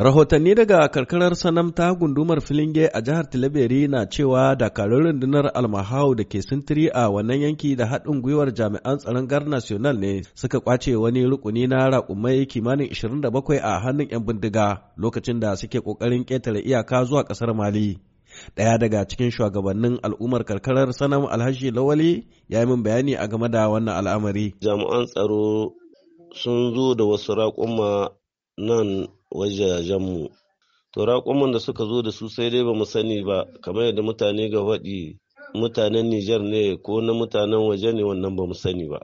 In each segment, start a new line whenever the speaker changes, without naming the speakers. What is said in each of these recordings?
Rahotanni daga karkarar sanamta gundumar filinge a jihar Tilaberi na cewa dakarun rundunar almahau da ke sintiri a wannan yanki da haɗin gwiwar jami'an tsaron gar national ne suka kwace wani rukuni na raƙumai kimanin 27 a hannun 'yan bindiga lokacin da suke ƙoƙarin ƙetare iyaka zuwa ƙasar Mali. Ɗaya daga cikin shugabannin al'ummar karkarar sanam alhaji lawali ya yi min bayani a game da wannan al'amari.
Jami'an tsaro sun zo da wasu raƙuma nan wajajenmu to raƙumman da suka zo da su sai dai ba mu sani ba kamar yadda mutane ga faɗi mutanen Nijar ne ko na mutanen waje ne wannan ba mu sani ba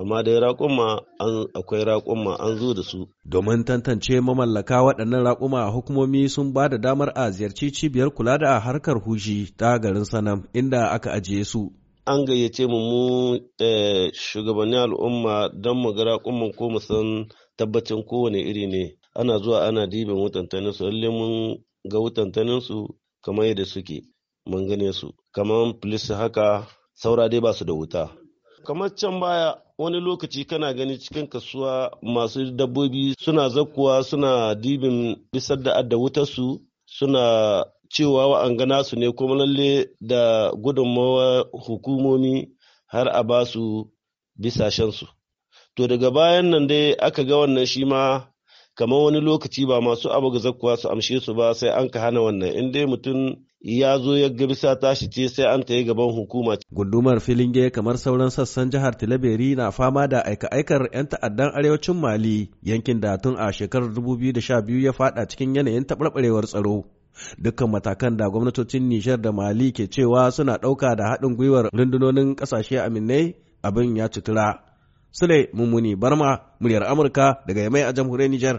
amma dai raƙuma an akwai raƙuma an zo da su domin tantance mamallaka
waɗannan raƙuma hukumomi sun ba da damar
a ziyarci cibiyar kula da harkar hushi ta
garin sanam inda aka ajiye su
an gayyace mu mu eh, shugabannin al'umma don mu ga raƙuman ko mu san tabbacin kowane iri ne ana zuwa ana dibin wutan su lalle mun ga su kamar yadda suke mun gane su kamar police haka saura dai ba su da wuta kamar can baya wani lokaci kana gani cikin kasuwa masu dabbobi suna zakkuwa suna dibin bisar da adda su, suna cewa wa'anga su ne kuma lalle da gudunmawa hukumomi har a ba su bisashensu to daga bayan nan dai aka ga wannan shi ma kamar wani lokaci ba masu abu zakkuwa su amshe su ba sai an ka hana wannan in dai mutum ya zo ya ga bisa tashi ce sai an tayi gaban hukuma.
Gundumar Filinge kamar sauran sassan jihar Tilaberi na fama da aika-aikar 'yan ta'addan arewacin Mali yankin da tun a shekarar 2012 ya fada cikin yanayin taɓarɓarewar tsaro. Dukkan matakan da gwamnatocin Nijar da Mali ke cewa suna ɗauka da haɗin gwiwar rundunonin ƙasashe aminai abin ya cutura. Sule Mummuni Barma, muryar Amurka daga Yamai a jamhuriyar Nijar.